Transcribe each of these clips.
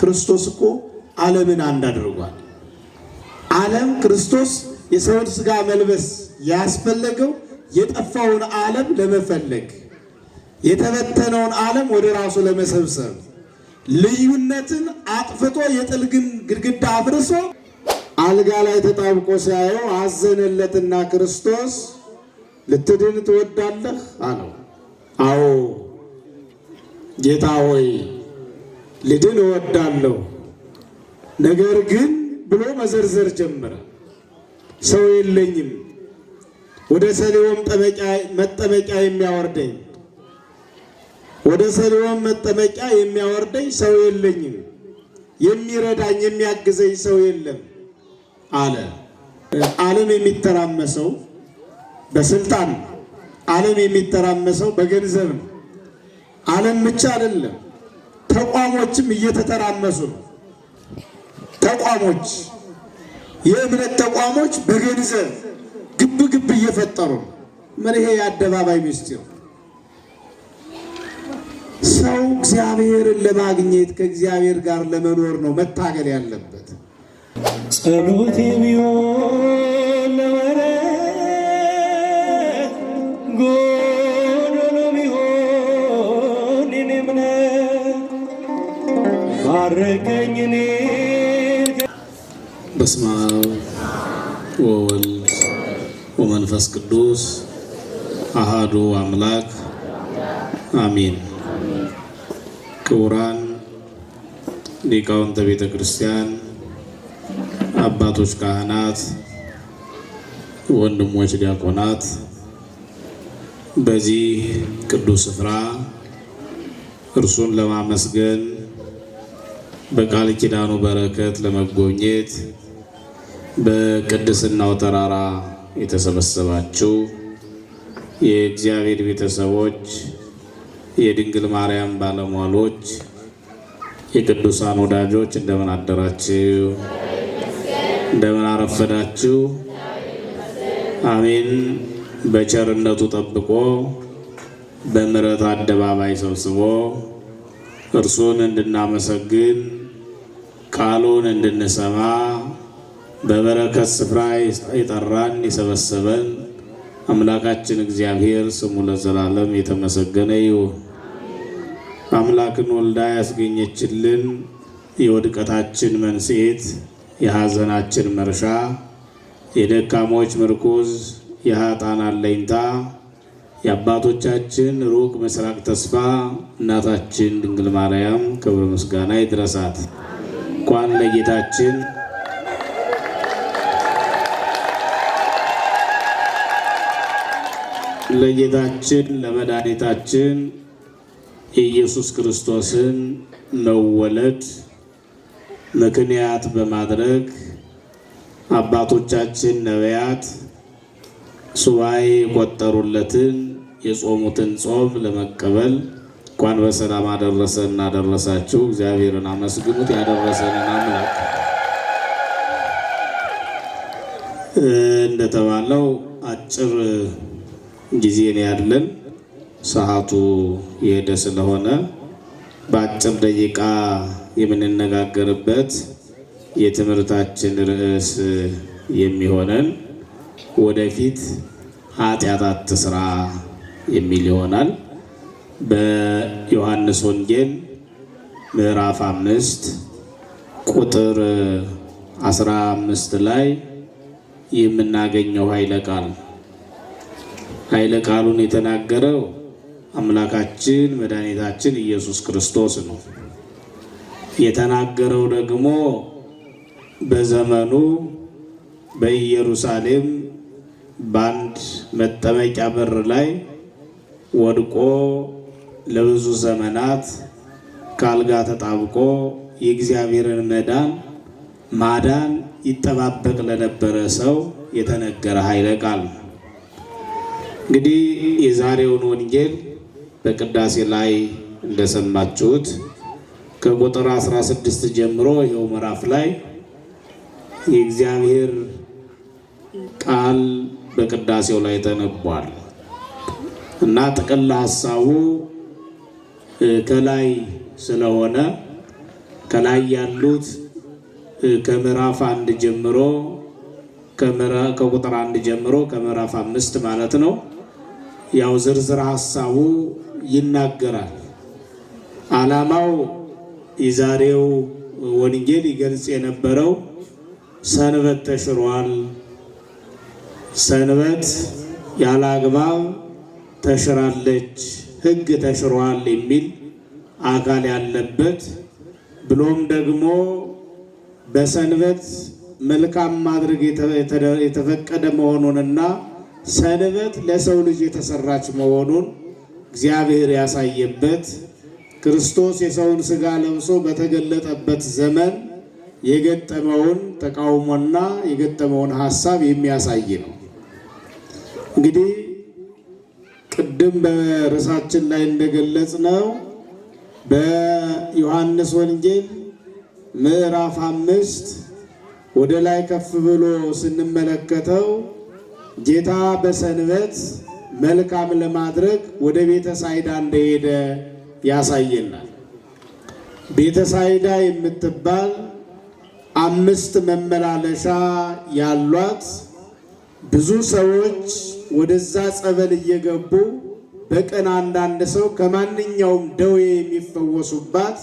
ክርስቶስ እኮ ዓለምን አንድ አድርጓል። ዓለም ክርስቶስ የሰውን ስጋ መልበስ ያስፈለገው የጠፋውን ዓለም ለመፈለግ የተበተነውን ዓለም ወደ ራሱ ለመሰብሰብ ልዩነትን አጥፍቶ የጥልግን ግድግዳ አፍርሶ አልጋ ላይ ተጣብቆ ሲያየው አዘነለትና ክርስቶስ ልትድን ትወዳለህ አለው። አዎ ጌታ ሆይ ልድን እወዳለሁ ነገር ግን ብሎ መዘርዘር ጀመረ። ሰው የለኝም ወደ ሰሊሆም መጠመቂያ የሚያወርደኝ ወደ ሰሊሆም መጠመቂያ የሚያወርደኝ ሰው የለኝም፣ የሚረዳኝ የሚያግዘኝ ሰው የለም አለ። ዓለም የሚተራመሰው በስልጣን ዓለም የሚተራመሰው በገንዘብ ነው። ዓለም ብቻ አይደለም። ተቋሞችም እየተተራመሱ ነው። ተቋሞች የእምነት ተቋሞች በገንዘብ ግብ ግብ እየፈጠሩ ምን ይሄ የአደባባይ ሚስጢር ሰው እግዚአብሔርን ለማግኘት ከእግዚአብሔር ጋር ለመኖር ነው መታገል ያለበት። ጸሎቴ ቢሆን ለመረ ባረከኝ በስመ አብ ወወልድ ወመንፈስ ቅዱስ አሃዱ አምላክ አሚን። ክቡራን ሊቃውንተ ቤተ ክርስቲያን፣ አባቶች ካህናት፣ ወንድሞች ዲያቆናት በዚህ ቅዱስ ስፍራ እርሱን ለማመስገን በቃል ኪዳኑ በረከት ለመጎብኘት በቅድስናው ተራራ የተሰበሰባችሁ የእግዚአብሔር ቤተሰቦች፣ የድንግል ማርያም ባለሟሎች፣ የቅዱሳን ወዳጆች እንደምን አደራችሁ? እንደምን አረፈዳችሁ? አሜን። በቸርነቱ ጠብቆ በምሕረት አደባባይ ሰብስቦ እርሱን እንድናመሰግን ቃሉን እንድንሰማ በበረከት ስፍራ የጠራን የሰበሰበን አምላካችን እግዚአብሔር ስሙ ለዘላለም የተመሰገነ ይሁን። አምላክን ወልዳ ያስገኘችልን የውድቀታችን መንስኤት፣ የሐዘናችን መርሻ፣ የደካሞች ምርኩዝ፣ የኃጥአን አለኝታ፣ የአባቶቻችን ሩቅ ምስራቅ ተስፋ እናታችን ድንግል ማርያም ክብር ምስጋና ይድረሳት። እንኳን ለጌታችን ለጌታችን ለመድኃኒታችን የኢየሱስ ክርስቶስን መወለድ ምክንያት በማድረግ አባቶቻችን ነቢያት ሱባኤ የቆጠሩለትን የጾሙትን ጾም ለመቀበል እንኳን በሰላም አደረሰን እናደረሳችሁ። እግዚአብሔርን አመስግኑት። ያደረሰንን አምላክ እንደተባለው አጭር ጊዜ ነው ያለን። ሰዓቱ የሄደ ስለሆነ በአጭር ደቂቃ የምንነጋገርበት የትምህርታችን ርዕስ የሚሆነን ወደፊት ኃጢአት አትስራ የሚል ይሆናል። በዮሐንስ ወንጌል ምዕራፍ አምስት ቁጥር አስራ አምስት ላይ የምናገኘው ኃይለ ቃል ኃይለ ቃሉን የተናገረው አምላካችን መድኃኒታችን ኢየሱስ ክርስቶስ ነው። የተናገረው ደግሞ በዘመኑ በኢየሩሳሌም በአንድ መጠመቂያ በር ላይ ወድቆ ለብዙ ዘመናት ከአልጋ ተጣብቆ የእግዚአብሔርን መዳን ማዳን ይጠባበቅ ለነበረ ሰው የተነገረ ኃይለ ቃል ነው። እንግዲህ የዛሬውን ወንጌል በቅዳሴ ላይ እንደሰማችሁት ከቁጥር 16 ጀምሮ ይኸው ምዕራፍ ላይ የእግዚአብሔር ቃል በቅዳሴው ላይ ተነቧል እና ጥቅል ሀሳቡ ከላይ ስለሆነ ከላይ ያሉት ከምዕራፍ አንድ ጀምሮ ከቁጥር አንድ ጀምሮ ከምዕራፍ አምስት ማለት ነው። ያው ዝርዝር ሀሳቡ ይናገራል። ዓላማው የዛሬው ወንጌል ይገልጽ የነበረው ሰንበት ተሽሯል፣ ሰንበት ያለ አግባብ ተሽራለች ህግ ተሽሯል የሚል አካል ያለበት ብሎም ደግሞ በሰንበት መልካም ማድረግ የተፈቀደ መሆኑንና ሰንበት ለሰው ልጅ የተሰራች መሆኑን እግዚአብሔር ያሳየበት ክርስቶስ የሰውን ስጋ ለብሶ በተገለጠበት ዘመን የገጠመውን ተቃውሞና የገጠመውን ሀሳብ የሚያሳይ ነው። እንግዲህ ቅድም በርዕሳችን ላይ እንደገለጽ ነው በዮሐንስ ወንጌል ምዕራፍ አምስት ወደ ላይ ከፍ ብሎ ስንመለከተው ጌታ በሰንበት መልካም ለማድረግ ወደ ቤተ ሳይዳ እንደሄደ ያሳየናል። ቤተ ሳይዳ የምትባል አምስት መመላለሻ ያሏት ብዙ ሰዎች ወደዛ ጸበል እየገቡ በቀን አንዳንድ ሰው ከማንኛውም ደዌ የሚፈወሱባት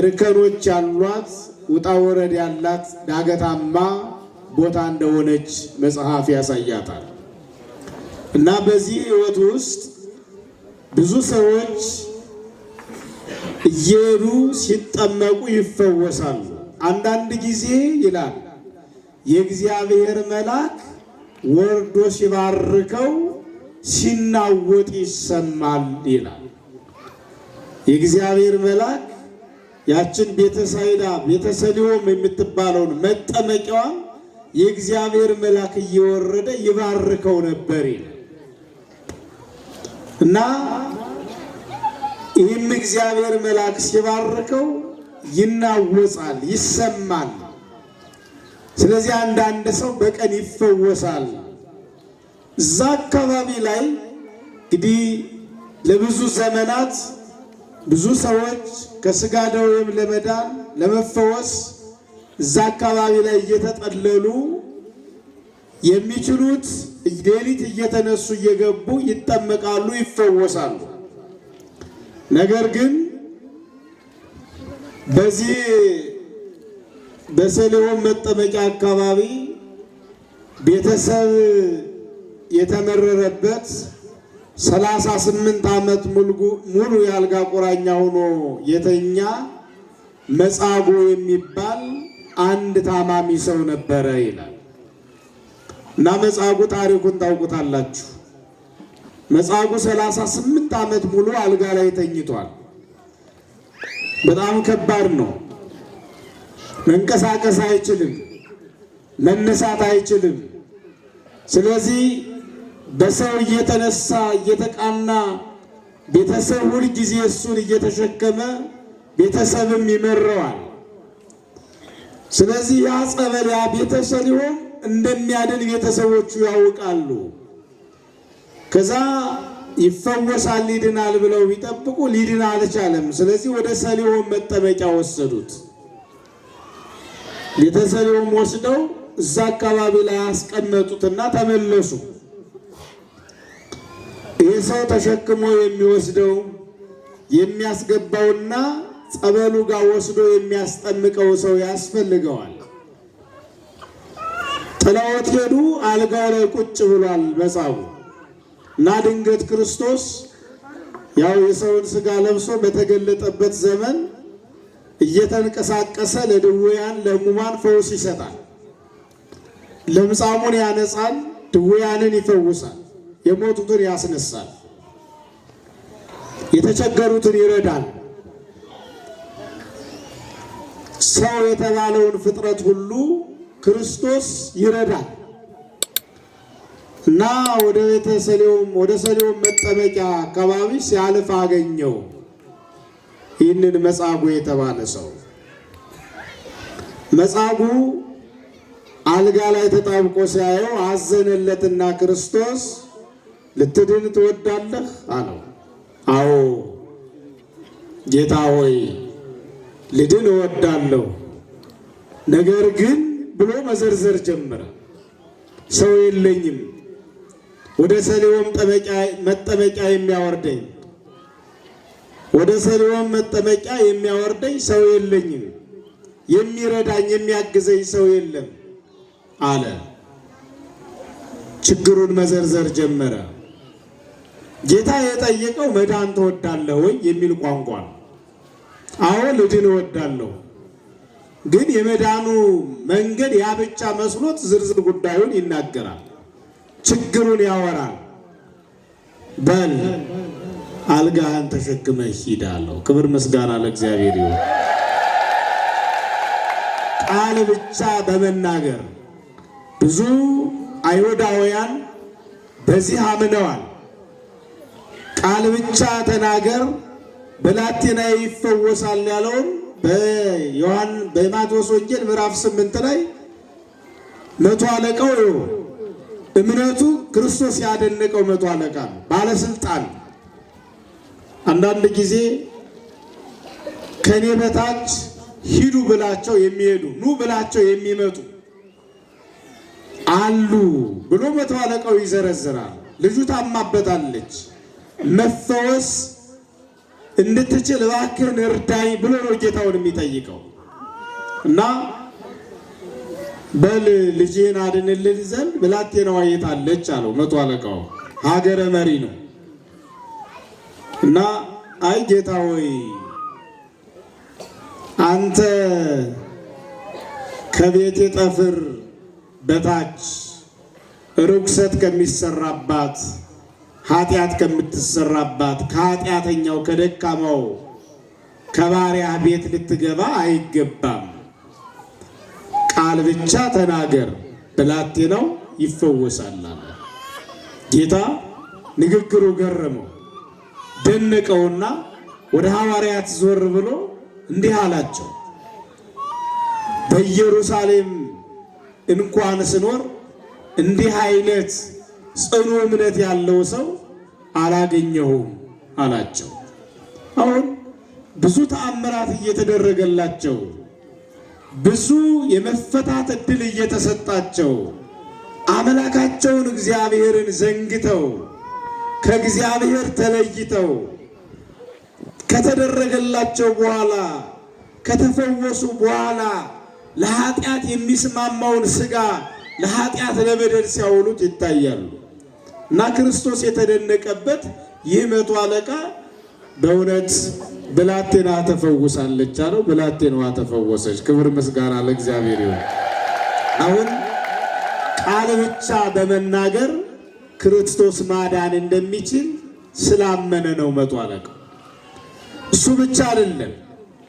እርከኖች ያሏት ውጣ ወረድ ያላት ዳገታማ ቦታ እንደሆነች መጽሐፍ ያሳያታል። እና በዚህ ሕይወት ውስጥ ብዙ ሰዎች እየሄዱ ሲጠመቁ ይፈወሳሉ። አንዳንድ ጊዜ ይላል የእግዚአብሔር መልአክ ወርዶ ሲባርከው ሲናወጥ ይሰማል ይላል። የእግዚአብሔር መልአክ ያችን ቤተሳይዳ ቤተሰሊሆም የምትባለውን መጠመቂያዋን የእግዚአብሔር መልአክ እየወረደ ይባርከው ነበር እና ይህም እግዚአብሔር መልአክ ሲባርከው ይናወጻል፣ ይሰማል። ስለዚህ አንዳንድ ሰው በቀን ይፈወሳል። እዛ አካባቢ ላይ እንግዲህ ለብዙ ዘመናት ብዙ ሰዎች ከስጋ ደዌም ለመዳን ለመፈወስ እዛ አካባቢ ላይ እየተጠለሉ የሚችሉት ሌሊት እየተነሱ እየገቡ ይጠመቃሉ፣ ይፈወሳሉ። ነገር ግን በዚህ በሰሊሆም መጠመቂያ አካባቢ ቤተሰብ የተመረረበት ሰላሳ ስምንት ዓመት ሙሉ የአልጋ ቁራኛ ሆኖ የተኛ መጻጎ የሚባል አንድ ታማሚ ሰው ነበረ ይላል እና መጻጉ ታሪኩን ታውቁታላችሁ። መጻጉ ሰላሳ ስምንት ዓመት ሙሉ አልጋ ላይ ተኝቷል። በጣም ከባድ ነው። መንቀሳቀስ አይችልም፣ መነሳት አይችልም። ስለዚህ በሰው እየተነሳ እየተቃና ቤተሰብ ሁልጊዜ እሱን እየተሸከመ ቤተሰብም ይመረዋል። ስለዚህ ያ ጸበል ያ ቤተሰብ ሊሆን እንደሚያድን ቤተሰቦቹ ያውቃሉ። ከዛ ይፈወሳል፣ ሊድናል ብለው ቢጠብቁ ሊድን አልቻለም። ስለዚህ ወደ ሰሊሆን መጠመቂያ ወሰዱት። ቤተሰቤውም ወስደው እዛ አካባቢ ላይ ያስቀመጡትና ተመለሱ። ይህ ሰው ተሸክሞ የሚወስደው የሚያስገባውና ጸበሉ ጋር ወስዶ የሚያስጠምቀው ሰው ያስፈልገዋል። ጥለውት ሄዱ። አልጋው ላይ ቁጭ ብሏል መጻጉ እና ድንገት ክርስቶስ ያው የሰውን ስጋ ለብሶ በተገለጠበት ዘመን እየተንቀሳቀሰ ለድውያን ለሙማን ፈውስ ይሰጣል። ለምጻሙን ያነጻል፣ ድውያንን ይፈውሳል፣ የሞቱትን ያስነሳል፣ የተቸገሩትን ይረዳል። ሰው የተባለውን ፍጥረት ሁሉ ክርስቶስ ይረዳል እና ወደ ቤተ ሰሌውም ወደ ሰሌውም መጠመቂያ አካባቢ ሲያልፍ አገኘው። ይህንን መጻጉዕ የተባለ ሰው መጻጉዕ አልጋ ላይ ተጣብቆ ሲያየው አዘነለትና ክርስቶስ ልትድን ትወዳለህ አለው። አዎ ጌታ ሆይ ልድን እወዳለሁ፣ ነገር ግን ብሎ መዘርዘር ጀመረ። ሰው የለኝም፣ ወደ ሰሊሆም መጠመቂያ የሚያወርደኝ ወደ ሰሊሆም መጠመቂያ የሚያወርደኝ ሰው የለኝም፣ የሚረዳኝ የሚያግዘኝ ሰው የለም አለ። ችግሩን መዘርዘር ጀመረ። ጌታ የጠየቀው መዳን ትወዳለህ ወይ የሚል ቋንቋ ነው። አዎ ልድን እወዳለሁ፣ ግን የመዳኑ መንገድ ያ ብቻ መስሎት ዝርዝር ጉዳዩን ይናገራል፣ ችግሩን ያወራል። በል አልጋህን ተሸክመ ሂድ ክብር ምስጋና ለእግዚአብሔር ይሁን። ቃል ብቻ በመናገር ብዙ አይሁዳውያን በዚህ አምነዋል። ቃል ብቻ ተናገር በላቴና ይፈወሳል ያለውን በዮሐን በማቴዎስ ወንጌል ምዕራፍ ስምንት ላይ መቶ አለቃው እምነቱ ክርስቶስ ያደነቀው መቶ አለቃ ባለስልጣን አንዳንድ ጊዜ ከኔ በታች ሂዱ ብላቸው የሚሄዱ ኑ ብላቸው የሚመጡ አሉ ብሎ መቶ አለቃው ይዘረዝራል። ልጁ ታማበታለች መፈወስ እንድትችል እባክህን እርዳኝ ብሎ ነው ጌታውን የሚጠይቀው እና በል ልጅህን አድንልን ዘንድ ብላቴናዋ የታለች አለው። መቶ አለቃው ሀገረ መሪ ነው። እና አይ ጌታ ሆይ አንተ ከቤቴ ጠፍር በታች ርኩሰት ከሚሰራባት ኃጢአት ከምትሰራባት ከኃጢአተኛው ከደካማው ከባሪያ ቤት ልትገባ አይገባም። ቃል ብቻ ተናገር፣ ብላቴናው ይፈወሳል አለ። ጌታ ንግግሩ ገረመው። ደነቀውና ወደ ሐዋርያት ዞር ብሎ እንዲህ አላቸው። በኢየሩሳሌም እንኳን ስኖር እንዲህ አይነት ጽኑ እምነት ያለው ሰው አላገኘሁም አላቸው። አሁን ብዙ ተአምራት እየተደረገላቸው ብዙ የመፈታት እድል እየተሰጣቸው አምላካቸውን እግዚአብሔርን ዘንግተው ከእግዚአብሔር ተለይተው ከተደረገላቸው በኋላ ከተፈወሱ በኋላ ለኃጢአት የሚስማማውን ስጋ ለኃጢአት ለበደል ሲያውሉት ይታያሉ እና ክርስቶስ የተደነቀበት ይህ መቶ አለቃ በእውነት ብላቴና ተፈውሳለች አለው። ብላቴናዋ ተፈወሰች። ክብር ምስጋና ለእግዚአብሔር ይሁን። አሁን ቃል ብቻ በመናገር ክርስቶስ ማዳን እንደሚችል ስላመነ ነው መቶ አለቃ። እሱ ብቻ አይደለም።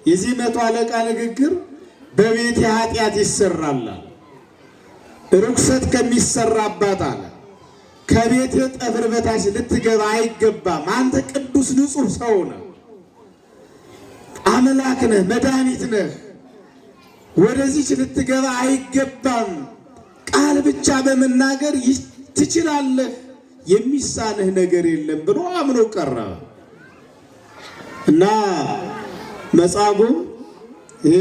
የዚህ መቶ አለቃ ንግግር በቤት የኃጢአት ይሰራል አለ። ርኩሰት ከሚሰራባት አለ ከቤት ጠፍር በታች ልትገባ አይገባም። አንተ ቅዱስ ንጹሕ ሰው ነህ፣ አምላክ ነህ፣ መድኃኒት ነህ። ወደዚች ልትገባ አይገባም። ቃል ብቻ በመናገር ትችላለህ፣ የሚሳንህ ነገር የለም ብሎ አምኖ ቀረ እና መጻጉዕ ይሄ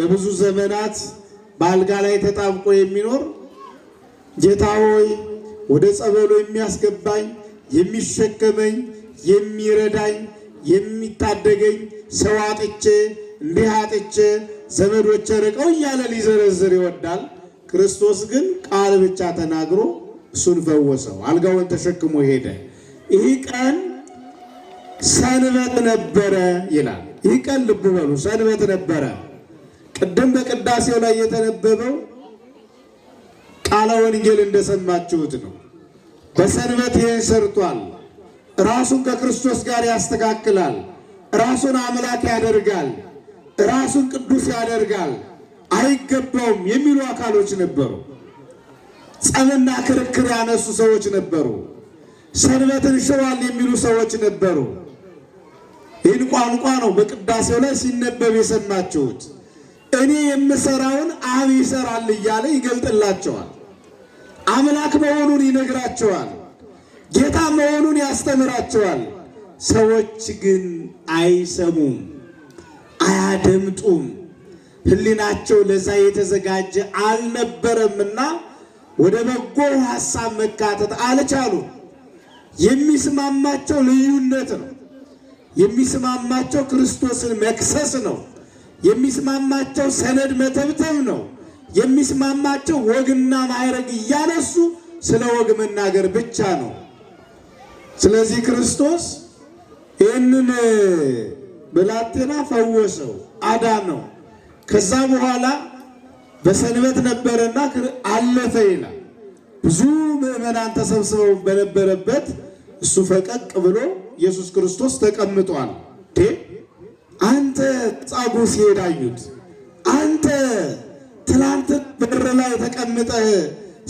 ለብዙ ዘመናት በአልጋ ላይ ተጣብቆ የሚኖር ጌታ ሆይ ወደ ጸበሎ የሚያስገባኝ የሚሸከመኝ የሚረዳኝ የሚታደገኝ ሰው አጥቼ እንዲህ አጥቼ ዘመዶች ርቀው እያለ ሊዘረዝር ይወዳል። ክርስቶስ ግን ቃል ብቻ ተናግሮ እሱን ፈወሰው። አልጋውን ተሸክሞ ሄደ። ይህ ቀን ሰንበት ነበረ ይላል። ይህ ቀን ልብ በሉ ሰንበት ነበረ። ቅድም በቅዳሴው ላይ የተነበበው ቃለ ወንጌል እንደሰማችሁት ነው። በሰንበት ይህን ሰርቷል። ራሱን ከክርስቶስ ጋር ያስተካክላል። ራሱን አምላክ ያደርጋል። ራሱን ቅዱስ ያደርጋል። አይገባውም የሚሉ አካሎች ነበሩ። ጸብና ክርክር ያነሱ ሰዎች ነበሩ። ሰንበትን ሽሯል የሚሉ ሰዎች ነበሩ። ይህን ቋንቋ ነው በቅዳሴው ላይ ሲነበብ የሰማችሁት። እኔ የምሰራውን አብ ይሰራል እያለ ይገልጥላቸዋል። አምላክ መሆኑን ይነግራቸዋል። ጌታ መሆኑን ያስተምራቸዋል። ሰዎች ግን አይሰሙም፣ አያደምጡም። ህሊናቸው ለዛ የተዘጋጀ አልነበረምና ወደ በጎው ሀሳብ መካተት አልቻሉ። የሚስማማቸው ልዩነት ነው። የሚስማማቸው ክርስቶስን መክሰስ ነው። የሚስማማቸው ሰነድ መተብተብ ነው። የሚስማማቸው ወግና ማዕረግ እያነሱ ስለ ወግ መናገር ብቻ ነው። ስለዚህ ክርስቶስ ይህንን ብላቴና ፈወሰው፣ አዳነው። ከዛ በኋላ በሰንበት ነበረና አለፈ ይላል። ብዙ ምዕመናን ተሰብስበው በነበረበት እሱ ፈቀቅ ብሎ ኢየሱስ ክርስቶስ ተቀምጧል። አንተ ጻጉ ሲሄድ አዩት። አንተ ትላንት በር ላይ ተቀምጠህ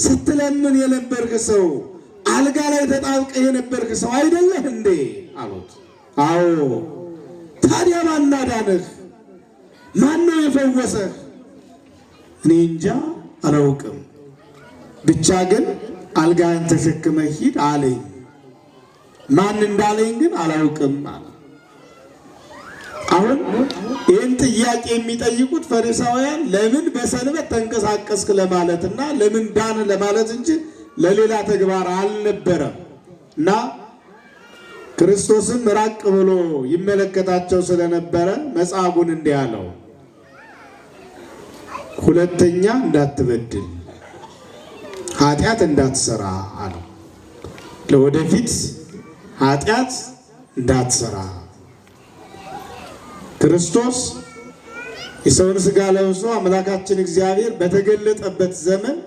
ስትለምን የነበርክ ሰው፣ አልጋ ላይ ተጣብቀህ የነበርክ ሰው አይደለህ እንዴ አሉት። አዎ። ታዲያ ማናዳንህ? ማን ነው የፈወሰህ? እኔ እንጃ አላውቅም፣ ብቻ ግን አልጋን ተሸክመ ሂድ አለኝ። ማን እንዳለኝ ግን አላውቅም አለ። አሁን ይህን ጥያቄ የሚጠይቁት ፈሪሳውያን ለምን በሰንበት ተንቀሳቀስክ እና ለምን ዳን ለማለት እንጂ ለሌላ ተግባር አልነበረም። እና ክርስቶስም ራቅ ብሎ ይመለከታቸው ስለነበረ መጻጉዕን እንዲህ አለው። ሁለተኛ እንዳትበድል ኃጢአት እንዳትሰራ አለ። ለወደፊት ኃጢአት እንዳትሰራ ክርስቶስ የሰውን ስጋ ለብሶ አምላካችን እግዚአብሔር በተገለጠበት ዘመን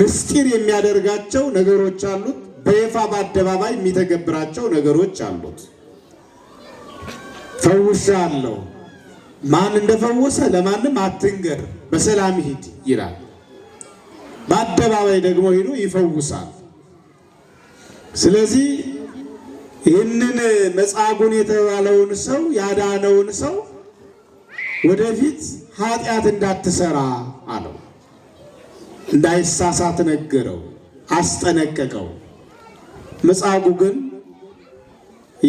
ምስጢር የሚያደርጋቸው ነገሮች አሉት። በይፋ በአደባባይ የሚተገብራቸው ነገሮች አሉት። ፈውሻ አለው ማን እንደፈወሰ ለማንም አትንገር፣ በሰላም ሂድ ይላል። በአደባባይ ደግሞ ሄዶ ይፈውሳል። ስለዚህ ይህንን መጻጉን የተባለውን ሰው ያዳነውን ሰው ወደፊት ኃጢአት እንዳትሰራ አለው፣ እንዳይሳሳት ነገረው፣ አስጠነቀቀው። መጻጉዕ ግን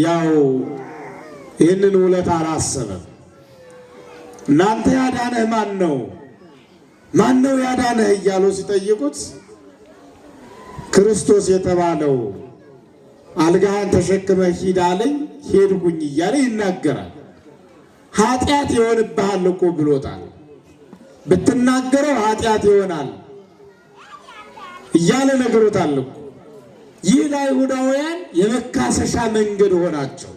ያው ይህንን ውለት አላሰበም። እናንተ ያዳነህ ማን ነው? ማን ነው ያዳነህ እያሉ ሲጠይቁት ክርስቶስ የተባለው አልጋህን ተሸክመህ ሂድ አለኝ ሄድኩኝ እያለ ይናገራል። ኃጢአት ይሆንብሃል እኮ ብሎታል። ብትናገረው ኃጢአት ይሆናል እያለ ነግሮታል እኮ። ይህ ለአይሁዳውያን የመካሰሻ መንገድ ሆናቸው፣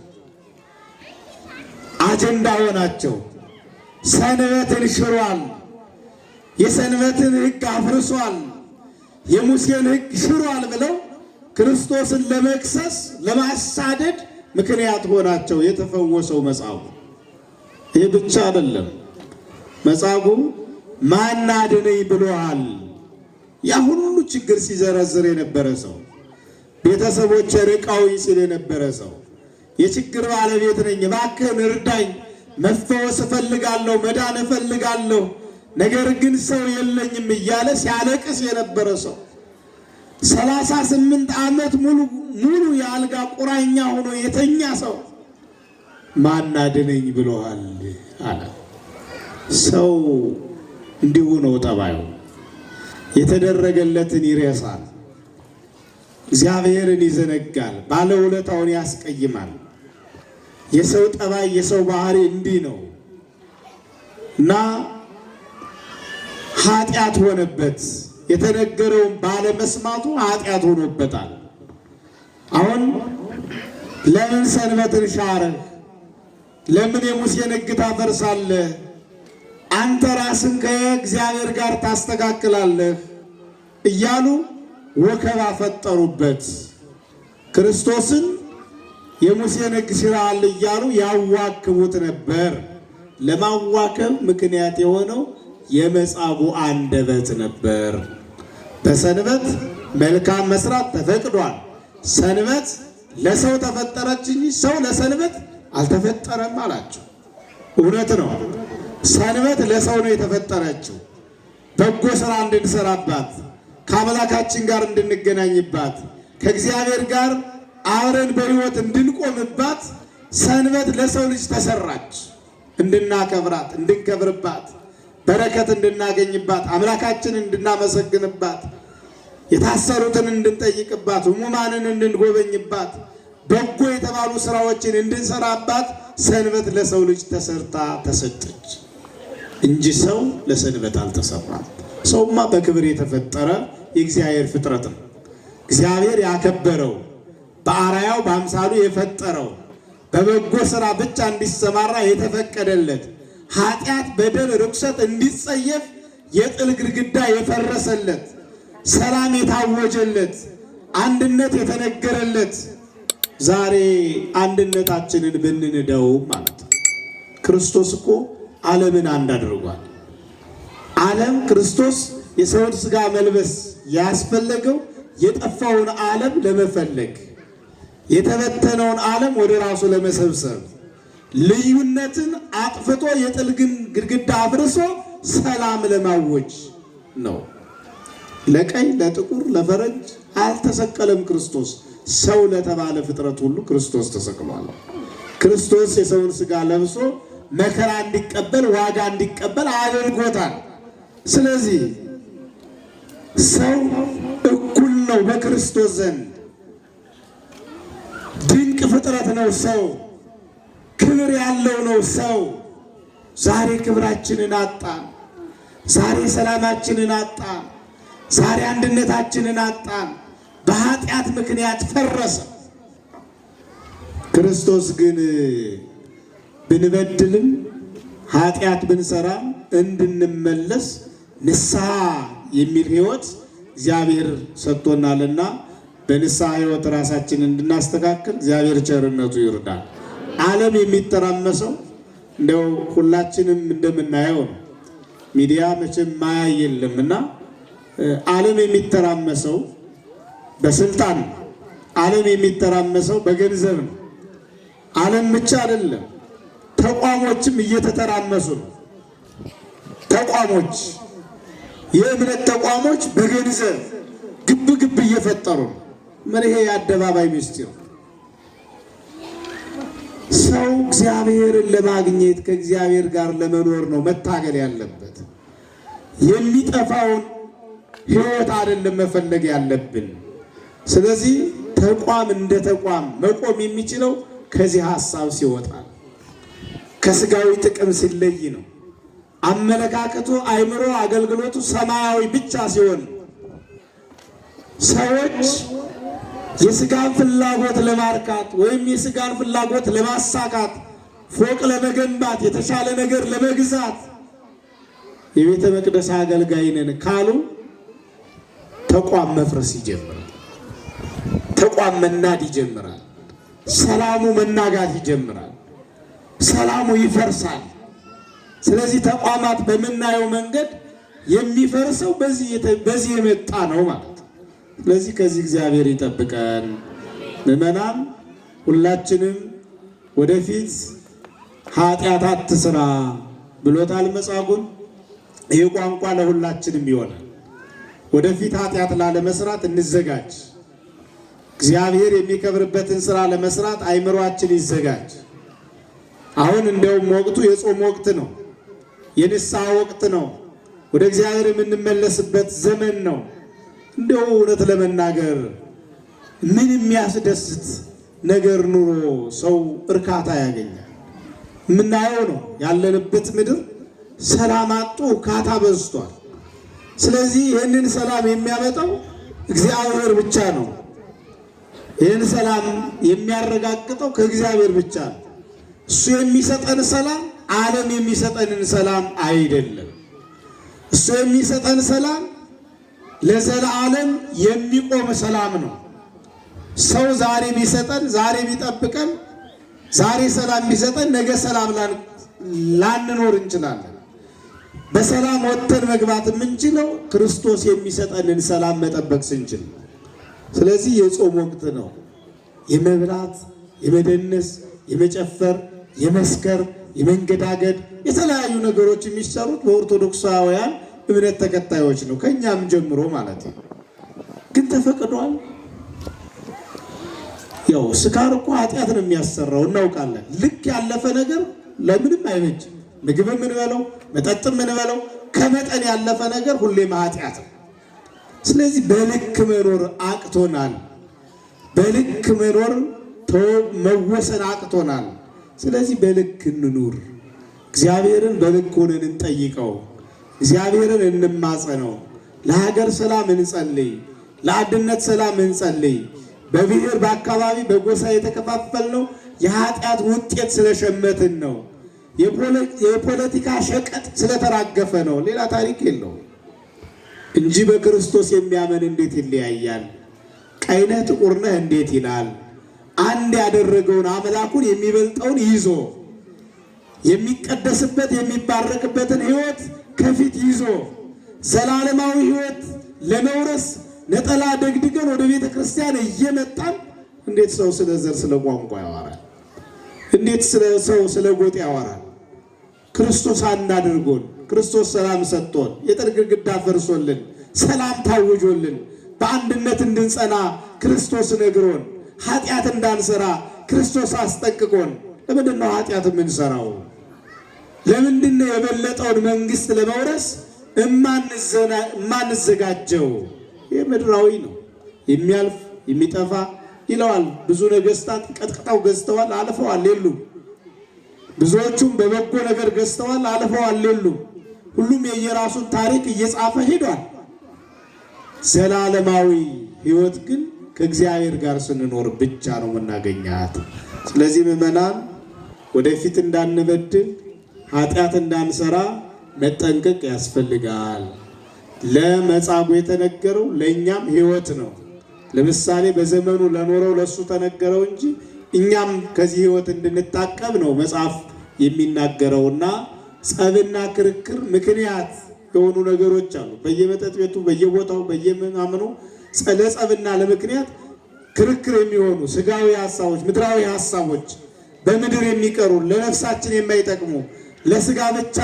አጀንዳ ሆናቸው። ሰንበትን ሽሯል። የሰንበትን ሕግ አፍርሷል። የሙሴን ሕግ ሽሯል ብለው ክርስቶስን ለመክሰስ ለማሳደድ ምክንያት ሆናቸው የተፈወሰው መጽሐፉ ይህ ብቻ አይደለም። መጻጉዕ ማን አድነኝ ብሎሃል። ያ ሁሉ ችግር ሲዘረዝር የነበረ ሰው፣ ቤተሰቦች ርቀው ይችል የነበረ ሰው፣ የችግር ባለቤት ነኝ እባክህን እርዳኝ መፈወስ እፈልጋለሁ፣ መዳን እፈልጋለሁ፣ ነገር ግን ሰው የለኝም እያለ ሲያለቅስ የነበረ ሰው ሰላሳ ስምንት ዓመት ሙሉ ሙሉ የአልጋ ቁራኛ ሆኖ የተኛ ሰው ማን አድነኝ አለ። ሰው እንዲሁ ነው ጠባዩ። የተደረገለትን ይረሳል፣ እግዚአብሔርን ይዘነጋል፣ ባለውለታውን ያስቀይማል። የሰው ጠባይ የሰው ባህሪ እንዲህ ነው እና ኃጢአት ሆነበት። የተነገረውን ባለመስማቱ ኃጢአት ሆኖበታል። አሁን ለምን ሰንበትን ሻርህ? ለምን የሙሴን ሕግ ታፈርሳለህ? አንተ ራስን ከእግዚአብሔር ጋር ታስተካክላለህ እያሉ ወከባ ፈጠሩበት ክርስቶስን የሙሴን ሕግ አለ እያሉ ያዋክቡት ነበር። ለማዋከብ ምክንያት የሆነው የመጻጉ አንደበት ነበር። በሰንበት መልካም መስራት ተፈቅዷል። ሰንበት ለሰው ተፈጠረች እንጂ ሰው ለሰንበት አልተፈጠረም አላቸው። እውነት ነው። ሰንበት ለሰው ነው የተፈጠረችው። በጎ ስራ እንድንሰራባት፣ ከአምላካችን ጋር እንድንገናኝባት፣ ከእግዚአብሔር ጋር አብረን በህይወት እንድንቆምባት ሰንበት ለሰው ልጅ ተሰራች። እንድናከብራት፣ እንድንከብርባት፣ በረከት እንድናገኝባት፣ አምላካችን እንድናመሰግንባት፣ የታሰሩትን እንድንጠይቅባት፣ ሕሙማንን እንድንጎበኝባት፣ በጎ የተባሉ ስራዎችን እንድንሰራባት ሰንበት ለሰው ልጅ ተሰርታ ተሰጠች እንጂ ሰው ለሰንበት አልተሰራም። ሰውማ በክብር የተፈጠረ የእግዚአብሔር ፍጥረት ነው። እግዚአብሔር ያከበረው በአርአያው በአምሳሉ የፈጠረው በበጎ ስራ ብቻ እንዲሰማራ የተፈቀደለት ኃጢአት፣ በደል፣ ርኩሰት እንዲጸየፍ የጥል ግድግዳ የፈረሰለት ሰላም የታወጀለት አንድነት የተነገረለት ዛሬ አንድነታችንን ብንንደው ማለት ነው። ክርስቶስ እኮ ዓለምን አንድ አድርጓል። ዓለም ክርስቶስ የሰውን ስጋ መልበስ ያስፈለገው የጠፋውን ዓለም ለመፈለግ የተበተነውን ዓለም ወደ ራሱ ለመሰብሰብ ልዩነትን አጥፍቶ የጥልግን ግድግዳ አፍርሶ ሰላም ለማወጅ ነው። ለቀይ፣ ለጥቁር፣ ለፈረንጅ አልተሰቀለም ክርስቶስ። ሰው ለተባለ ፍጥረት ሁሉ ክርስቶስ ተሰቅሏል። ክርስቶስ የሰውን ስጋ ለብሶ መከራ እንዲቀበል ዋጋ እንዲቀበል አድርጎታል። ስለዚህ ሰው እኩል ነው በክርስቶስ ዘንድ ፍጥረት ነው ሰው፣ ክብር ያለው ነው ሰው። ዛሬ ክብራችንን አጣን። ዛሬ ሰላማችንን አጣን። ዛሬ አንድነታችንን አጣን። በኃጢአት ምክንያት ፈረሰ። ክርስቶስ ግን ብንበድልም ኃጢአት ብንሰራም እንድንመለስ ንስሐ የሚል ሕይወት እግዚአብሔር ሰጥቶናልና በንስሐ ሕይወት ራሳችን እንድናስተካክል እግዚአብሔር ቸርነቱ ይርዳል። ዓለም የሚተራመሰው እንደው ሁላችንም እንደምናየው ነው። ሚዲያ መቼም ማያ የለም እና ዓለም የሚተራመሰው በስልጣን ነው። ዓለም የሚተራመሰው በገንዘብ ነው። ዓለም ብቻ አይደለም፣ ተቋሞችም እየተተራመሱ ነው። ተቋሞች የእምነት ተቋሞች በገንዘብ ግብ ግብ እየፈጠሩ ነው። ምን ይሄ የአደባባይ ምስጢር ሰው እግዚአብሔርን ለማግኘት ከእግዚአብሔር ጋር ለመኖር ነው መታገል ያለበት። የሚጠፋውን ህይወት አይደለም መፈለግ ያለብን። ስለዚህ ተቋም እንደ ተቋም መቆም የሚችለው ከዚህ ሀሳብ ሲወጣ ከስጋዊ ጥቅም ሲለይ ነው። አመለካከቱ፣ አይምሮ፣ አገልግሎቱ ሰማያዊ ብቻ ሲሆን ሰዎች የስጋን ፍላጎት ለማርካት ወይም የስጋን ፍላጎት ለማሳካት ፎቅ ለመገንባት የተሻለ ነገር ለመግዛት የቤተ መቅደስ አገልጋይ ነን ካሉ ተቋም መፍረስ ይጀምራል። ተቋም መናድ ይጀምራል። ሰላሙ መናጋት ይጀምራል። ሰላሙ ይፈርሳል። ስለዚህ ተቋማት በምናየው መንገድ የሚፈርሰው በዚህ የመጣ ነው ማለት ስለዚህ ከዚህ እግዚአብሔር ይጠብቀን። ምዕመናን ሁላችንም ወደፊት ኃጢአት አትስራ ብሎታል መጻጉዕ። ይህ ቋንቋ ለሁላችንም ይሆናል። ወደፊት ኃጢአት ላለመስራት እንዘጋጅ። እግዚአብሔር የሚከብርበትን ስራ ለመስራት አይምሯችን ይዘጋጅ። አሁን እንደውም ወቅቱ የጾም ወቅት ነው፣ የንስሐ ወቅት ነው፣ ወደ እግዚአብሔር የምንመለስበት ዘመን ነው። እንደው እውነት ለመናገር ምን የሚያስደስት ነገር ኑሮ ሰው እርካታ ያገኛል? የምናየው ነው ያለንበት ምድር ሰላም አጡ፣ እርካታ በዝቷል። ስለዚህ ይህንን ሰላም የሚያመጣው እግዚአብሔር ብቻ ነው። ይህን ሰላም የሚያረጋግጠው ከእግዚአብሔር ብቻ ነው። እሱ የሚሰጠን ሰላም ዓለም የሚሰጠንን ሰላም አይደለም። እሱ የሚሰጠን ሰላም ለዘላለም የሚቆም ሰላም ነው። ሰው ዛሬ ቢሰጠን፣ ዛሬ ቢጠብቀን፣ ዛሬ ሰላም ቢሰጠን ነገ ሰላም ላንኖር እንችላለን። በሰላም ወጥተን መግባት የምንችለው ክርስቶስ የሚሰጠንን ሰላም መጠበቅ ስንችል። ስለዚህ የጾም ወቅት ነው። የመብላት፣ የመደነስ፣ የመጨፈር፣ የመስከር፣ የመንገዳገድ የተለያዩ ነገሮች የሚሰሩት በኦርቶዶክሳውያን እምነት ተከታዮች ነው፣ ከእኛም ጀምሮ ማለት ነው። ግን ተፈቅዷል። ያው ስካር እኮ ኃጢአት ነው የሚያሰራው እናውቃለን። ልክ ያለፈ ነገር ለምንም አይበጅ። ምግብ የምንበለው መጠጥ የምንበለው ከመጠን ያለፈ ነገር ሁሌም ኃጢአት ነው። ስለዚህ በልክ መኖር አቅቶናል። በልክ መኖር መወሰን አቅቶናል። ስለዚህ በልክ እንኑር። እግዚአብሔርን በልክ ሆነን እንጠይቀው። እግዚአብሔርን እንማጸነው። ለሀገር ሰላም እንጸልይ። ለአንድነት ሰላም እንጸልይ። በብሔር በአካባቢ በጎሳ የተከፋፈልነው የኃጢአት ውጤት ስለሸመትን ነው። የፖለቲካ ሸቀጥ ስለተራገፈ ነው። ሌላ ታሪክ የለው እንጂ በክርስቶስ የሚያምን እንዴት ይለያያል? ቀይነህ ጥቁርነህ እንዴት ይላል? አንድ ያደረገውን አምላኩን የሚበልጠውን ይዞ የሚቀደስበት የሚባረክበትን ህይወት ከፊት ይዞ ዘላለማዊ ሕይወት ለመውረስ ነጠላ ደግድገን ወደ ቤተ ክርስቲያን እየመጣን እንዴት ሰው ስለ ዘር ስለ ቋንቋ ያወራል? እንዴት ስለ ሰው ስለ ጎጥ ያወራል? ክርስቶስ አናድርጎን ክርስቶስ ሰላም ሰጥቶን የጥል ግድግዳ ፈርሶልን ሰላም ታውጆልን በአንድነት እንድንጸና ክርስቶስ ነግሮን ኃጢአት እንዳንሰራ ክርስቶስ አስጠንቅቆን ለምንድን ነው ኃጢአት የምንሰራው? ለምንድን የበለጠውን መንግስት ለመውረስ እማንዘጋጀው? ይህ ምድራዊ ነው፣ የሚያልፍ የሚጠፋ ይለዋል። ብዙ ነገስታት ቀጥቅጠው ገዝተዋል፣ አልፈዋል፣ የሉም። ብዙዎቹም በበጎ ነገር ገዝተዋል፣ አልፈዋል፣ የሉም። ሁሉም የየራሱን ታሪክ እየጻፈ ሄዷል። ዘላለማዊ ህይወት ግን ከእግዚአብሔር ጋር ስንኖር ብቻ ነው የምናገኛት። ስለዚህ ምዕመናን ወደፊት እንዳንበድል ኃጢአት እንዳንሰራ መጠንቀቅ ያስፈልጋል። ለመጻጉዕ የተነገረው ለእኛም ህይወት ነው። ለምሳሌ በዘመኑ ለኖረው ለእሱ ተነገረው እንጂ እኛም ከዚህ ህይወት እንድንታቀብ ነው መጽሐፍ የሚናገረውና ጸብና ክርክር ምክንያት የሆኑ ነገሮች አሉ። በየመጠጥ ቤቱ፣ በየቦታው፣ በየምናምኑ ለጸብና ለምክንያት ክርክር የሚሆኑ ስጋዊ ሀሳቦች፣ ምድራዊ ሀሳቦች በምድር የሚቀሩ ለነፍሳችን የማይጠቅሙ ለስጋ ብቻ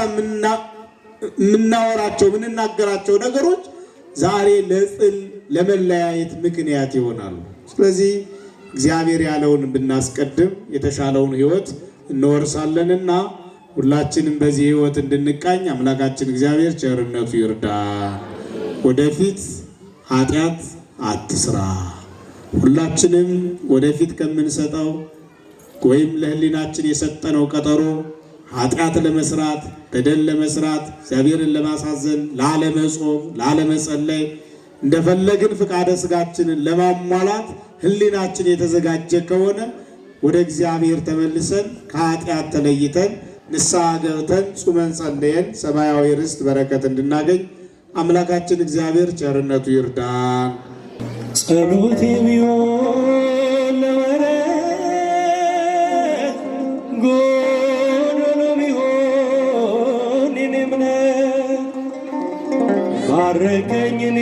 የምናወራቸው የምንናገራቸው ነገሮች ዛሬ ለጥል ለመለያየት ምክንያት ይሆናሉ። ስለዚህ እግዚአብሔር ያለውን ብናስቀድም የተሻለውን ህይወት እንወርሳለንና ሁላችንም በዚህ ህይወት እንድንቃኝ አምላካችን እግዚአብሔር ቸርነቱ ይርዳ። ወደፊት ኃጢአት አትስራ። ሁላችንም ወደፊት ከምንሰጠው ወይም ለህሊናችን የሰጠነው ቀጠሮ ኃጢአት ለመስራት በደል ለመስራት እግዚአብሔርን ለማሳዘን ላለመጾም፣ ላለመጸለይ እንደፈለግን ፍቃደ ስጋችንን ለማሟላት ህሊናችን የተዘጋጀ ከሆነ ወደ እግዚአብሔር ተመልሰን ከኃጢአት ተለይተን ንስሐ ገብተን ጹመን ጸለየን ሰማያዊ ርስት በረከት እንድናገኝ አምላካችን እግዚአብሔር ቸርነቱ ይርዳን። ጸሎቴ ቢሆን ባረከኝ እኔ